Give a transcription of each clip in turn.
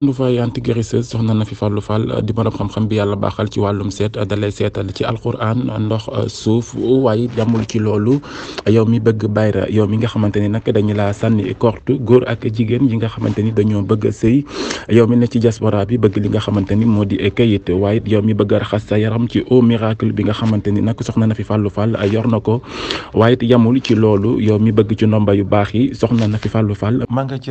lu fay anti guérisseuse soxna na fi fàllu fal euh, di borom xam-xam bi yàlla baaxal ci wàllum seet euh, dalay seetal ci alquran euh, ndox suuf waaye yamul ci loolu yaw mi bëgg bayra yow mi nga xamante ni nag dañu laa sànni korte góor ak jigéen yi nga xamante ni dañoo bëgg a sëy yow mi ne ci diaspora bi bëgg li nga xamante ni moo di kayit waaye yow mi bëgg a raxas sa yaram ci au miracle bi nga xamante ni nag soxna na fi fàllu fal yor na ko waaye yamul ci loolu yow mi bëgg ci ndomba yu baax yi soxna na fi fàllu fal ma nga ci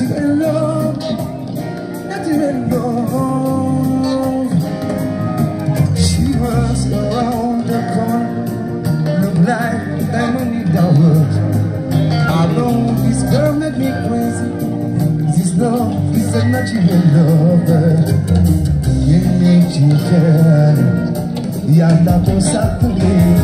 not even love, not even love. She was around the corner, looked like diamond in the world. Alone, this girl made me crazy. This love is a not even love. Yeah, yeah, yeah. Y anda por sacudir.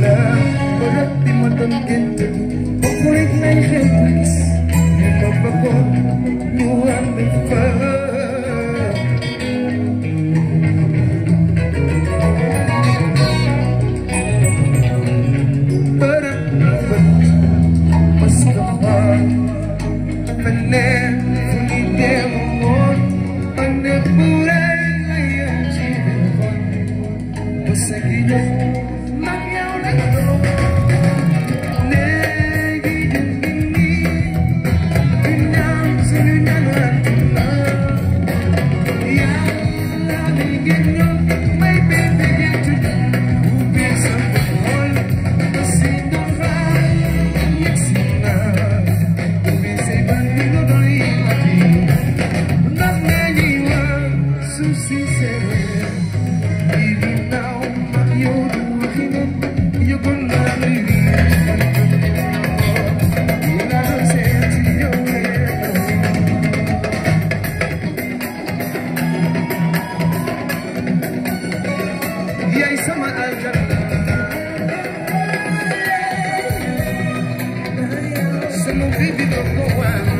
Thank you. no one.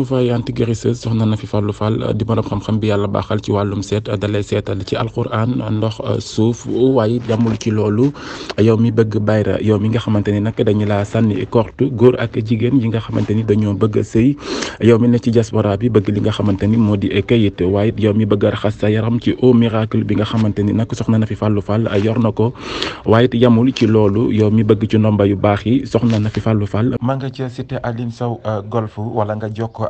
Louvain antigraisseuse soxna na fi fàllu fàll di borom xam-xam bi yàlla baaxal ci wàllum seet dalay seetal ci alxuraan ndox euh, suuf waaye yamul ci loolu yow mi bëgg bayra yow ni nag dañu laa sànni korte góor ak jigéen yi nga xamante ni dañoo bëgg sëy yow mi ne ci diaspora bi bëgg li nga xamante ni moo di kayit waaye yow mi bëgg raxas sa yaram ci eau miracle bi nga xamante ni nag soxna na fi fàllu fàll euh, yor na ko waaye yamul ci loolu yow mi bëgg ci ndomba yu baax yi soxna na fi fàllu fàll ma ci cité Aline Sow euh, golf wala nga jokko